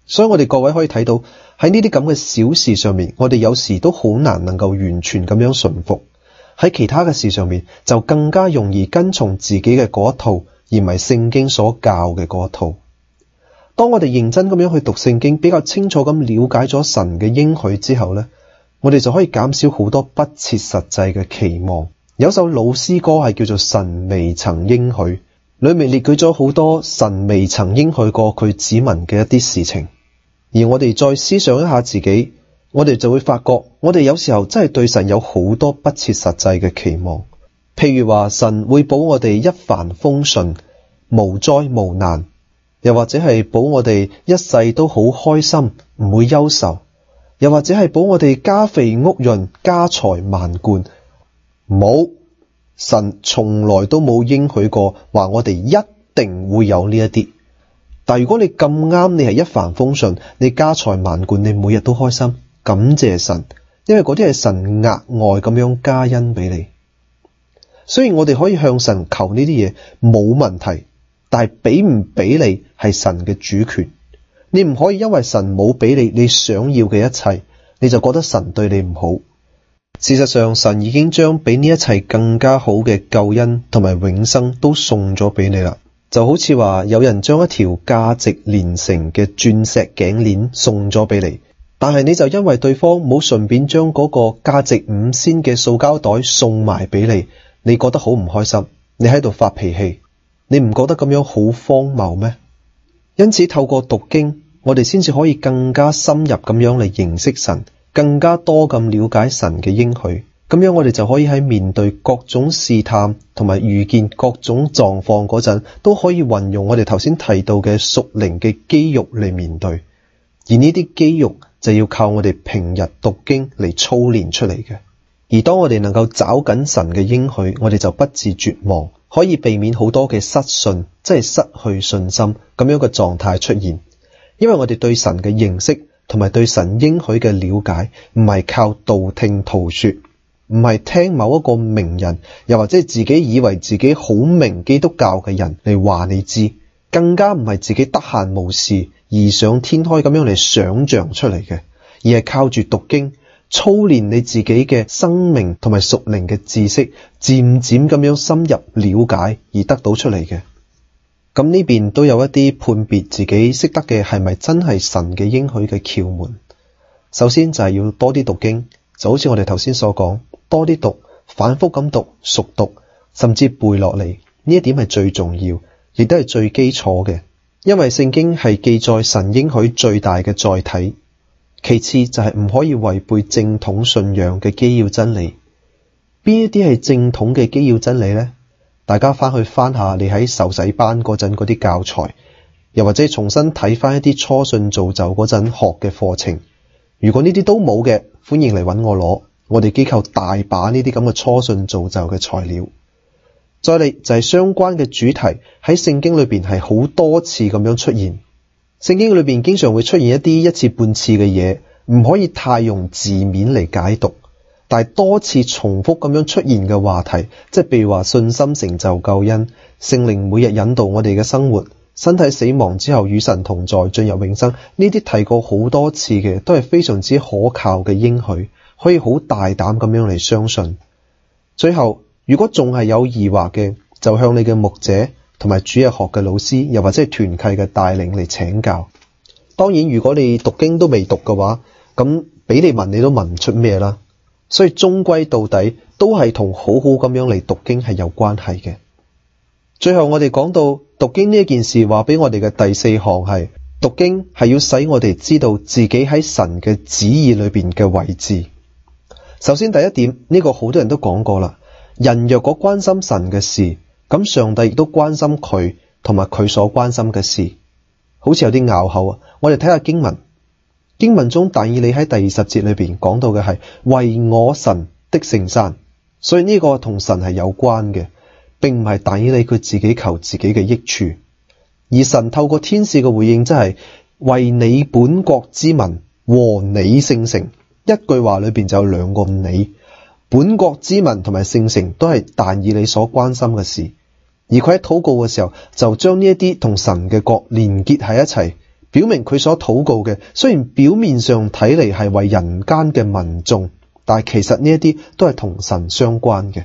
所以我哋各位可以睇到喺呢啲咁嘅小事上面，我哋有時都好難能夠完全咁樣順服。喺其他嘅事上面就更加容易跟從自己嘅嗰一套，而唔係聖經所教嘅嗰一套。當我哋認真咁樣去讀聖經，比較清楚咁了解咗神嘅應許之後咧，我哋就可以減少好多不切實際嘅期望。有首老詩歌係叫做《神未曾應許》，裏面列舉咗好多神未曾應許過佢子民嘅一啲事情。而我哋再思想一下自己，我哋就會發覺，我哋有時候真係對神有好多不切實際嘅期望。譬如話神會保我哋一帆風順、無災無難，又或者係保我哋一世都好開心，唔會憂愁，又或者係保我哋家肥屋潤、家財萬貫。冇，神從來都冇應許過話我哋一定會有呢一啲。但如果你咁啱，你係一帆風順，你家財萬貫，你每日都開心，感謝神，因為嗰啲係神額外咁樣加恩俾你。雖然我哋可以向神求呢啲嘢，冇問題，但係俾唔俾你係神嘅主權。你唔可以因為神冇俾你你想要嘅一切，你就覺得神對你唔好。事實上，神已經將比呢一切更加好嘅救恩同埋永生都送咗畀你啦，就好似話有人將一條價值連城嘅鑽石頸鏈送咗畀你，但係你就因為對方冇順便將嗰個價值五千嘅塑膠袋送埋畀你，你覺得好唔開心，你喺度發脾氣，你唔覺得咁樣好荒謬咩？因此，透過讀經，我哋先至可以更加深入咁樣嚟認識神。更加多咁了解神嘅應許，咁樣我哋就可以喺面對各種試探同埋遇見各種狀況嗰陣，都可以運用我哋頭先提到嘅屬靈嘅肌肉嚟面對。而呢啲肌肉就要靠我哋平日讀經嚟操練出嚟嘅。而當我哋能夠找緊神嘅應許，我哋就不至絕望，可以避免好多嘅失信，即係失去信心咁樣嘅狀態出現。因為我哋對神嘅認識，同埋對神應許嘅了解，唔係靠道聽途說，唔係聽某一個名人，又或者自己以為自己好明基督教嘅人嚟話你知，更加唔係自己得閒無事異想天開咁樣嚟想象出嚟嘅，而係靠住讀經操練你自己嘅生命同埋屬靈嘅知識，漸漸咁樣深入了解而得到出嚟嘅。咁呢邊都有一啲判別自己識得嘅，係咪真係神嘅應許嘅竅門。首先就係要多啲讀經，就好似我哋頭先所講，多啲讀，反復咁讀，熟讀，甚至背落嚟。呢一點係最重要，亦都係最基礎嘅，因為聖經係記載神應許最大嘅載體。其次就係唔可以違背正統信仰嘅基要真理。邊一啲係正統嘅基要真理呢？大家翻去翻下你喺受洗班嗰陣嗰啲教材，又或者重新睇翻一啲初信造就嗰陣學嘅課程。如果呢啲都冇嘅，歡迎嚟揾我攞。我哋機構大把呢啲咁嘅初信造就嘅材料。再嚟就係相關嘅主題喺聖經裏邊係好多次咁樣出現。聖經裏邊經常會出現一啲一次半次嘅嘢，唔可以太用字面嚟解讀。但係多次重複咁樣出現嘅話題，即係，譬如話信心成就救恩、聖靈每日引導我哋嘅生活、身體死亡之後與神同在、進入永生，呢啲提過好多次嘅，都係非常之可靠嘅應許，可以好大膽咁樣嚟相信。最後，如果仲係有疑惑嘅，就向你嘅牧者同埋主日學嘅老師，又或者係團契嘅帶領嚟請教。當然，如果你讀經都未讀嘅話，咁俾你問你都問唔出咩啦。所以終歸到底都係同好好咁樣嚟讀經係有關係嘅。最後我哋講到讀經呢件事，話俾我哋嘅第四項係，讀經係要使我哋知道自己喺神嘅旨意裏邊嘅位置。首先第一點呢個好多人都講過啦，人若果關心神嘅事，咁上帝亦都關心佢同埋佢所關心嘅事。好似有啲拗口啊，我哋睇下經文。經文中但以理喺第二十節裏邊講到嘅，係為我神的聖山，所以呢個同神係有關嘅，並唔係但以理佢自己求自己嘅益處。而神透過天使嘅回應、就是，即係為你本國之民和你聖城，一句話裏邊就有兩個你，本國之民同埋聖城都係但以理所關心嘅事。而佢喺禱告嘅時候就將呢一啲同神嘅國連結喺一齊。表明佢所禱告嘅，雖然表面上睇嚟係為人間嘅民眾，但係其實呢一啲都係同神相關嘅。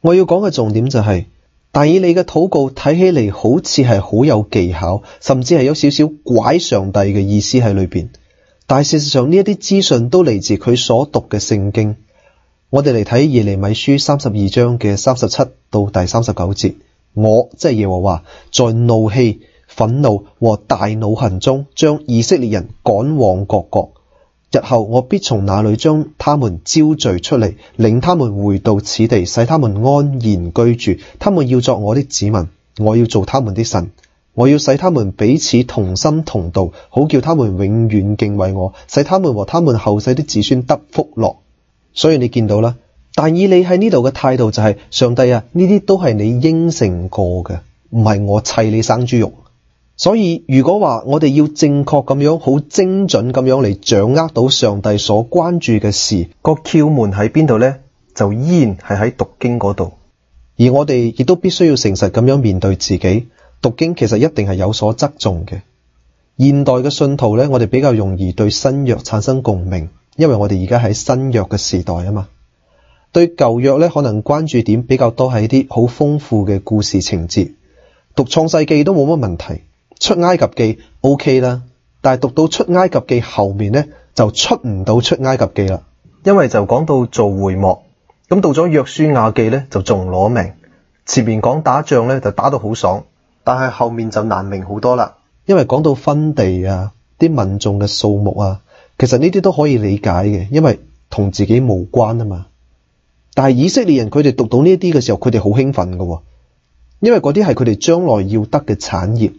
我要講嘅重點就係、是，但以理嘅禱告睇起嚟，好似係好有技巧，甚至係有少少拐上帝嘅意思喺裏邊。但係事實上呢一啲資訊都嚟自佢所讀嘅聖經。我哋嚟睇耶利米書三十二章嘅三十七到第三十九節，我即係、就是、耶和華在怒氣，憤怒和大惱恨中，將以色列人趕往各國。日後我必從那裡將他們招聚出嚟，令他們回到此地，使他們安然居住。他們要作我的子民，我要做他們的神，我要使他們彼此同心同道，好叫他們永遠敬畏我，使他們和他們後世的子孫得福樂。所以你見到啦，但以理喺呢度嘅態度就係、是，上帝啊，呢啲都係你應承過嘅，唔係我砌你生豬肉。所以，如果話我哋要正確咁樣好精準咁樣嚟掌握到上帝所關注嘅事，個竅門喺邊度咧？就依然係喺讀經嗰度，而我哋亦都必須要誠實咁樣面對自己。讀經其實一定係有所側重嘅。現代嘅信徒咧，我哋比較容易對新約產生共鳴，因為我哋而家喺新約嘅時代啊嘛。對舊約咧，可能關注點比較多係一啲好豐富嘅故事情節。讀創世紀都冇乜問題。出埃及記 O.K. 啦，但係讀到出埃及記後面呢，就出唔到出埃及記啦，因為就講到做會幕咁。到咗約書亞記呢，就仲攞命。前面講打仗呢，就打到好爽，但係後面就難明好多啦。因為講到分地啊，啲民眾嘅數目啊，其實呢啲都可以理解嘅，因為同自己無關啊嘛。但係以色列人佢哋讀到呢啲嘅時候，佢哋好興奮噶哦，因為嗰啲係佢哋將來要得嘅產業。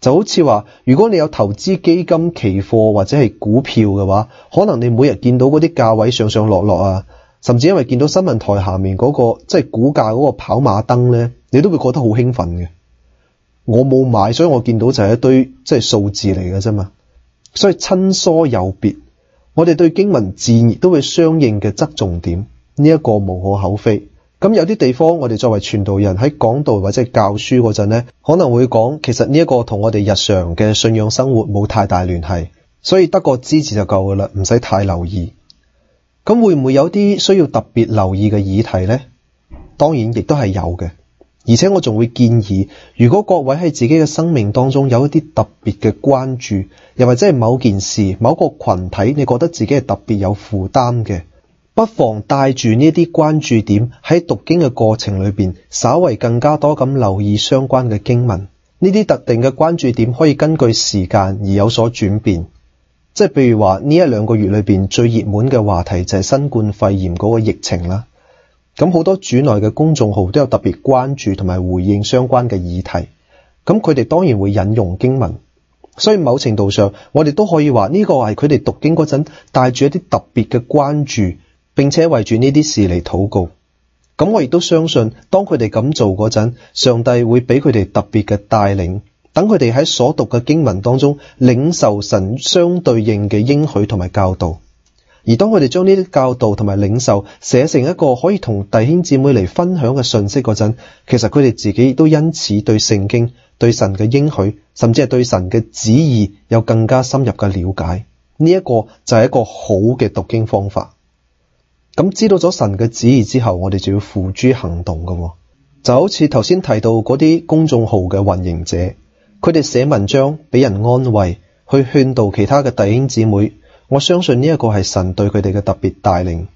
就好似話，如果你有投資基金、期貨或者係股票嘅話，可能你每日見到嗰啲價位上上落落啊，甚至因為見到新聞台下面嗰、那個即係、就是、股價嗰個跑馬燈咧，你都會覺得好興奮嘅。我冇買，所以我見到就係一堆即係數字嚟嘅啫嘛。所以親疏有別，我哋對經文自然都會相應嘅側重點，呢、這、一個無可厚非。咁有啲地方，我哋作為傳道人喺講道或者教書嗰陣咧，可能會講，其實呢一個同我哋日常嘅信仰生活冇太大聯繫，所以得個知識就夠噶啦，唔使太留意。咁會唔會有啲需要特別留意嘅議題呢？當然亦都係有嘅，而且我仲會建議，如果各位喺自己嘅生命當中有一啲特別嘅關注，又或者係某件事、某一個群體，你覺得自己係特別有負擔嘅。不妨帶住呢啲關注點喺讀經嘅過程裏邊，稍為更加多咁留意相關嘅經文。呢啲特定嘅關注點可以根據時間而有所轉變，即係譬如話呢一兩個月裏邊最熱門嘅話題就係新冠肺炎嗰個疫情啦。咁好多主內嘅公眾號都有特別關注同埋回應相關嘅議題，咁佢哋當然會引用經文，所以某程度上我哋都可以話呢個係佢哋讀經嗰陣帶住一啲特別嘅關注。並且為住呢啲事嚟禱告，咁我亦都相信，當佢哋咁做嗰陣，上帝會俾佢哋特別嘅帶領，等佢哋喺所讀嘅經文當中領受神相對應嘅應許同埋教導。而當佢哋將呢啲教導同埋領受寫成一個可以同弟兄姊妹嚟分享嘅信息嗰陣，其實佢哋自己都因此對聖經、對神嘅應許，甚至係對神嘅旨意有更加深入嘅了解。呢一個就係一個好嘅讀經方法。咁知道咗神嘅旨意之後，我哋就要付諸行動㗎。就好似頭先提到嗰啲公眾號嘅運營者，佢哋寫文章俾人安慰，去勸導其他嘅弟兄姊妹。我相信呢一個係神對佢哋嘅特別帶領。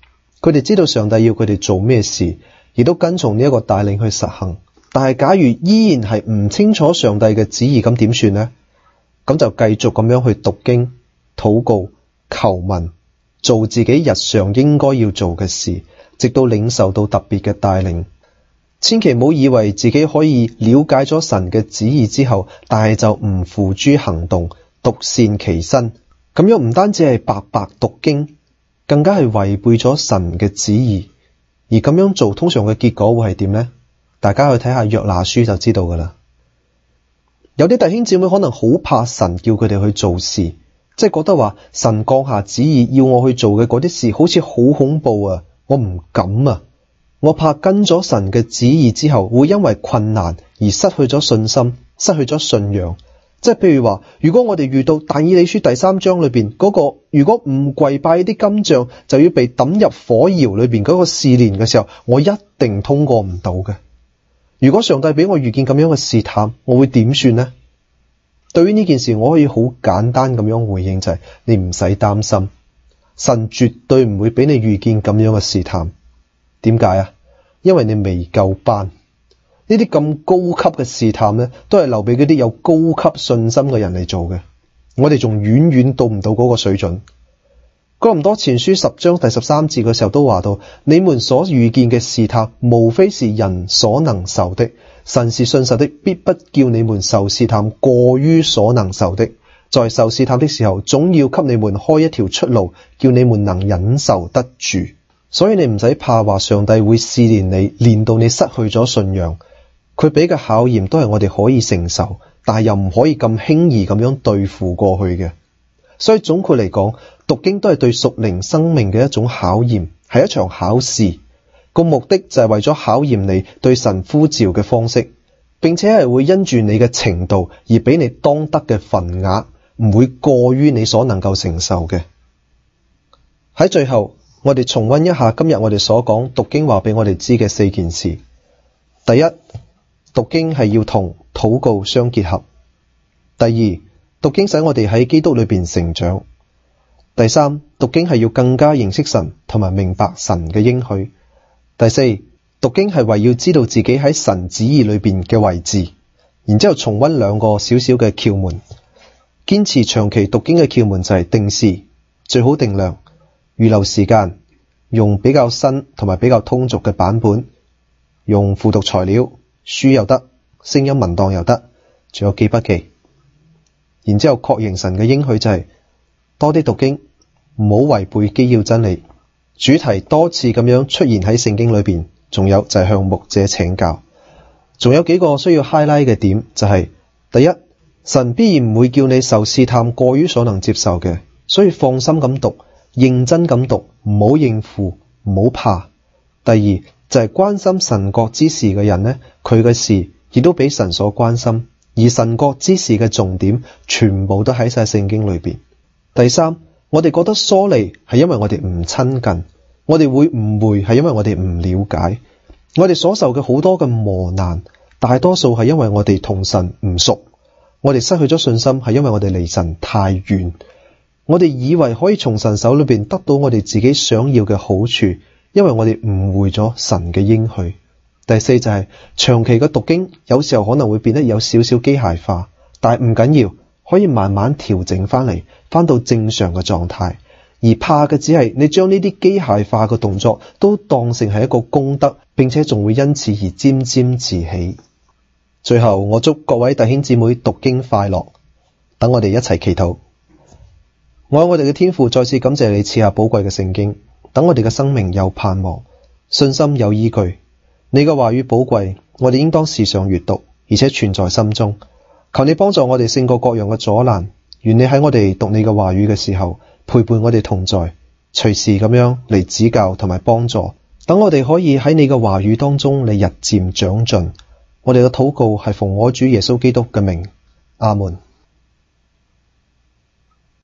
佢哋知道上帝要佢哋做咩事，亦都跟從呢一個帶領去實行。但係假如依然係唔清楚上帝嘅旨意，咁點算呢？咁就繼續咁樣去讀經、禱告、求問。做自己日常應該要做嘅事，直到領受到特別嘅帶領。千祈唔好以為自己可以了解咗神嘅旨意之後，但係就唔付諸行動，獨善其身。咁樣唔單止係白白讀經，更加係違背咗神嘅旨意。而咁樣做，通常嘅結果會係點呢？大家去睇下約拿書就知道噶啦。有啲弟兄姊妹可能好怕神叫佢哋去做事。即係覺得話神降下旨意要我去做嘅嗰啲事，好似好恐怖啊！我唔敢啊！我怕跟咗神嘅旨意之後，會因為困難而失去咗信心，失去咗信仰。即係譬如話，如果我哋遇到但以理書第三章裏邊嗰個，如果唔跪拜啲金像，就要被抌入火窑裏邊嗰個試煉嘅時候，我一定通過唔到嘅。如果上帝俾我遇見咁樣嘅試探，我會點算呢？對於呢件事，我可以好簡單咁樣回應，就係、是、你唔使擔心，神絕對唔會俾你遇見咁樣嘅試探。點解啊？因為你未夠班，呢啲咁高級嘅試探咧，都係留俾嗰啲有高級信心嘅人嚟做嘅。我哋仲遠遠到唔到嗰個水準。哥林多前書十章第十三節嘅時候都話到，你們所遇見嘅試探，無非是人所能受的。神是信實的，必不叫你們受試探過於所能受的。在受試探的時候，總要給你們開一條出路，叫你們能忍受得住。所以你唔使怕話，上帝會試煉你，煉到你失去咗信仰。佢俾嘅考驗都係我哋可以承受，但係又唔可以咁輕易咁樣對付過去嘅。所以總括嚟講，讀經都係對屬靈生命嘅一種考驗，係一場考試。個目的就係為咗考驗你對神呼召嘅方式，並且係會因住你嘅程度而俾你當得嘅份額，唔會過於你所能夠承受嘅。喺最後，我哋重溫一下今日我哋所講讀經話俾我哋知嘅四件事：第一，讀經係要同禱告相結合；第二，讀經使我哋喺基督裏邊成長；第三，讀經係要更加認識神同埋明白神嘅應許。第四，讀經係為要知道自己喺神旨意裏邊嘅位置，然之後重溫兩個小小嘅竅門。堅持長期讀經嘅竅門就係定時，最好定量，預留時間，用比較新同埋比較通俗嘅版本，用輔讀材料書又得，聲音文檔又得，仲有記筆記。然之後確認神嘅應許就係、是、多啲讀經，唔好違背基要真理。主題多次咁樣出現喺聖經裏邊，仲有就係向牧者請教，仲有幾個需要 highlight 嘅點就係：第一，神必然唔會叫你受試探過於所能接受嘅，所以放心咁讀，認真咁讀，唔好應付，唔好怕。第二就係關心神國之事嘅人呢，佢嘅事亦都俾神所關心，而神國之事嘅重點全部都喺晒聖經裏邊。第三。我哋覺得疏離係因為我哋唔親近，我哋會誤會係因為我哋唔了解，我哋所受嘅好多嘅磨難，大多數係因為我哋同神唔熟，我哋失去咗信心係因為我哋離神太遠，我哋以為可以從神手裏邊得到我哋自己想要嘅好處，因為我哋誤會咗神嘅應許。第四就係、是、長期嘅讀經，有時候可能會變得有少少機械化，但係唔緊要。可以慢慢調整翻嚟，翻到正常嘅狀態。而怕嘅只係你將呢啲機械化嘅動作都當成係一個功德，並且仲會因此而沾沾自喜。最後，我祝各位弟兄姊妹讀經快樂，等我哋一齊祈禱。我有我哋嘅天父，再次感謝你賜下寶貴嘅聖經，等我哋嘅生命有盼望，信心有依據。你嘅話語寶貴，我哋應當時常閱讀，而且存在心中。求你幫助我哋勝過各樣嘅阻攔，願你喺我哋讀你嘅話語嘅時候，陪伴我哋同在，隨時咁樣嚟指教同埋幫助，等我哋可以喺你嘅話語當中嚟日漸長進。我哋嘅禱告係奉我主耶穌基督嘅名，阿門。